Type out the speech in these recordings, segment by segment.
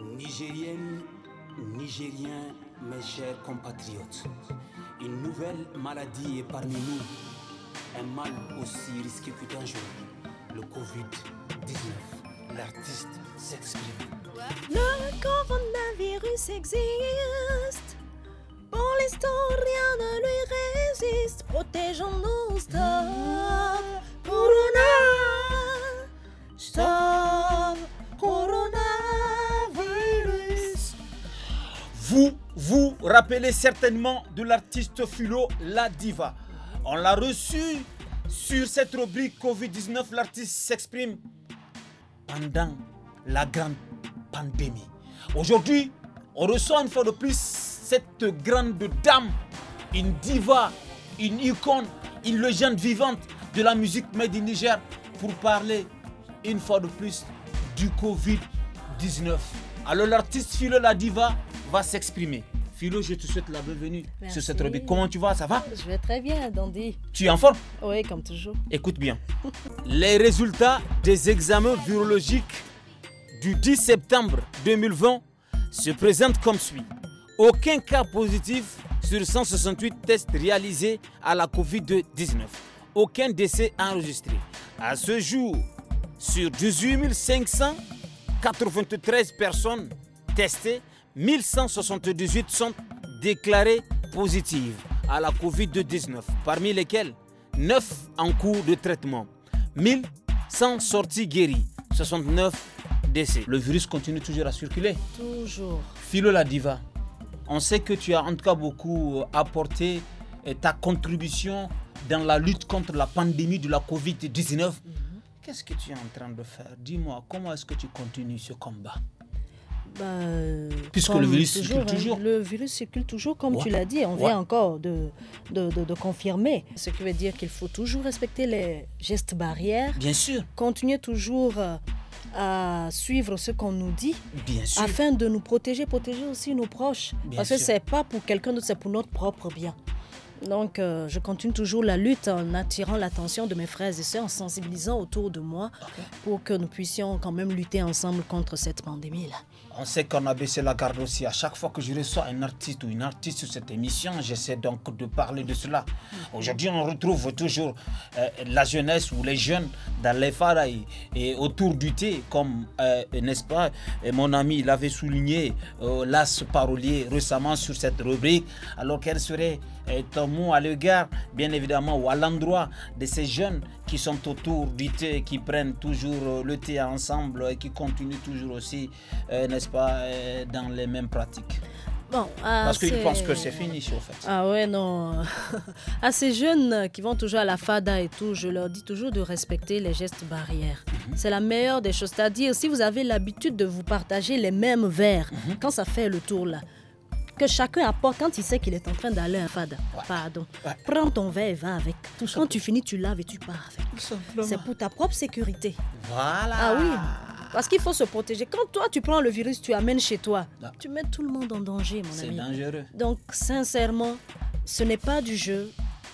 Nigérienne, Nigérien, mes chers compatriotes, une nouvelle maladie est parmi nous. Un mal aussi risqué que dangereux, le Covid-19. L'artiste s'exprime. Le coronavirus existe. Pour l'instant, rien ne lui résiste. Protégeons-nous, Appelé certainement de l'artiste Fulo La Diva. On l'a reçu sur cette rubrique Covid-19, l'artiste s'exprime pendant la grande pandémie. Aujourd'hui, on reçoit une fois de plus cette grande dame, une diva, une icône, une légende vivante de la musique made in Niger pour parler une fois de plus du Covid-19. Alors l'artiste Philo La Diva va s'exprimer. Philo, je te souhaite la bienvenue sur cette rubrique. Comment tu vas Ça va Je vais très bien, Dandy. Tu es en forme Oui, comme toujours. Écoute bien. Les résultats des examens virologiques du 10 septembre 2020 se présentent comme suit. Aucun cas positif sur 168 tests réalisés à la COVID-19. Aucun décès enregistré. À ce jour, sur 18 593 personnes testées, 1178 sont déclarés positives à la COVID-19, parmi lesquels 9 en cours de traitement, 1100 sorties guéries, 69 décès. Le virus continue toujours à circuler Toujours. Philo la diva, on sait que tu as en tout cas beaucoup euh, apporté euh, ta contribution dans la lutte contre la pandémie de la COVID-19. Mhm. Qu'est-ce que tu es en train de faire Dis-moi, comment est-ce que tu continues ce combat bah, Puisque le virus circule hein, toujours. le virus circule toujours, comme tu l'as dit. On vient encore de de, confirmer. Ce qui veut dire qu'il faut toujours respecter les gestes barrières. Bien sûr. Continuer toujours euh, à suivre ce qu'on nous dit bien sûr. afin de nous protéger, protéger aussi nos proches. Bien Parce que que c'est pas pour quelqu'un d'autre, c'est pour notre propre bien. Donc, euh, je continue toujours la lutte en attirant l'attention de mes frères et sœurs, en sensibilisant autour de moi pour que nous puissions quand même lutter ensemble contre cette pandémie-là. On sait qu'on a baissé la garde aussi. À chaque fois que je reçois un artiste ou une artiste sur cette émission, j'essaie donc de parler de cela. Aujourd'hui, on retrouve toujours euh, la jeunesse ou les jeunes dans les phares et, autour du thé, comme, euh, n'est-ce pas, et mon ami l'avait souligné, l'as parolier récemment sur cette rubrique, alors qu'elle serait est un mot à l'égard, bien évidemment, ou à l'endroit de ces jeunes qui sont autour du thé, qui prennent toujours euh, le thé ensemble et qui continuent toujours aussi, euh, n'est-ce pas, euh, dans les mêmes pratiques. Bon, ah, Parce qu'ils pensent que c'est fini, en fait. Ah ouais, non. à ces jeunes qui vont toujours à la fada et tout, je leur dis toujours de respecter les gestes barrières. Mhm. C'est la meilleure des choses. C'est-à-dire, si vous avez l'habitude de vous partager les mêmes verres, mhm. quand ça fait le tour là, que chacun apporte quand il sait qu'il est en train d'aller un fada. Pardon. Prends ton verre et va avec. quand tu finis, tu laves et tu pars avec. C'est pour ta propre sécurité. Voilà. Ah oui. Parce qu'il faut se protéger. Quand toi, tu prends le virus, tu amènes chez toi. Tu mets tout le monde en danger, mon ami. C'est dangereux. Donc, sincèrement, ce n'est pas du jeu.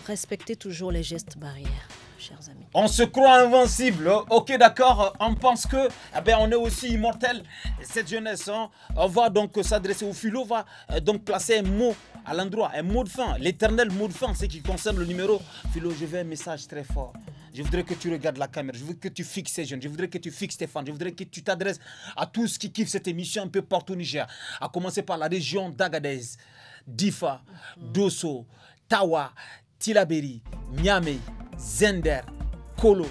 Respectez toujours les gestes barrières chers amis. On se croit invincible. Ok, d'accord. On pense que eh ben, on est aussi immortel. Cette jeunesse, hein, on va donc s'adresser au philo, va euh, donc placer un mot à l'endroit, un mot de fin, l'éternel mot de fin, ce qui concerne le numéro. Philo, je veux un message très fort. Je voudrais que tu regardes la caméra. Je veux que tu fixes ces jeunes. Je voudrais que tu fixes tes fans. Je voudrais que tu t'adresses à tous qui kiffent cette émission un peu partout au Niger. À commencer par la région d'Agadez, Difa, mhm. Dosso, Tawa, Tilaberi, Niamey, Zender, Kolo,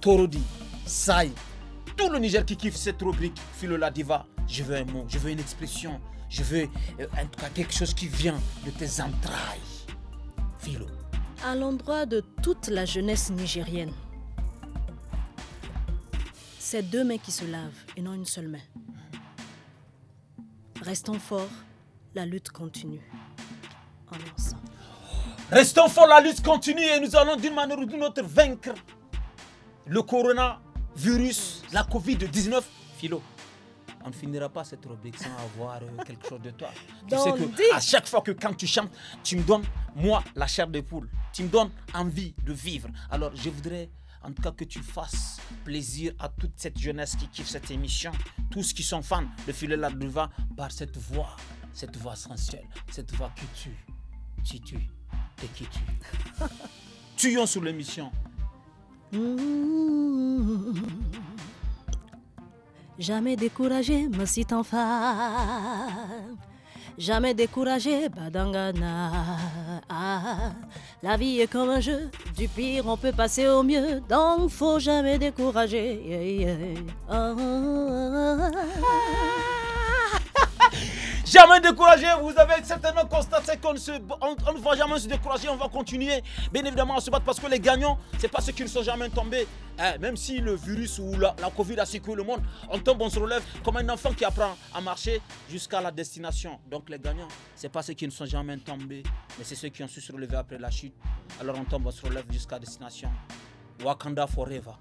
Torodi, Sai. Tout le Niger qui kiffe cette rubrique Philo la Diva. Je veux un mot, je veux une expression, je veux euh, en tout cas quelque chose qui vient de tes entrailles. Philo. À l'endroit de toute la jeunesse nigérienne, c'est deux mains qui se lavent et non une seule main. Restons forts, la lutte continue. En ensemble. Restons forts, la lutte continue et nous allons d'une manière ou d'une autre vaincre le coronavirus, la Covid-19. Philo, on ne finira pas cette rubrique sans avoir euh, quelque chose de toi. Tu sais que à chaque fois que quand tu chantes, tu me donnes, moi, la chair de poule. Tu me donnes envie de vivre. Alors, je voudrais en tout cas que tu fasses plaisir à toute cette jeunesse qui kiffe cette émission, tous qui sont fans de Philo Ladouva par cette voix, cette voix sensuelle, cette voix que tu qui tue. T'es Kiki. Tuyons sur l'émission. jamais découragé, me cite en Jamais découragé, badangana. la vie est comme un jeu, du pire on peut passer au mieux, donc faut jamais décourager. Ah jamais découragé. Vous avez certainement constaté qu'on on, ne va jamais se décourager. On va continuer, bien évidemment, à se battre parce que les gagnants, ce n'est pas ceux qui ne sont jamais tombés. Hein, même si le virus ou la, Covid a secoué le monde, on tombe, on se relève comme un enfant qui apprend à marcher jusqu'à la destination. Donc les gagnants, ce n'est pas ceux qui ne sont jamais tombés, mais c'est ceux qui ont su se relever après la chute. Alors on tombe, on se relève jusqu'à destination. Wakanda Forever.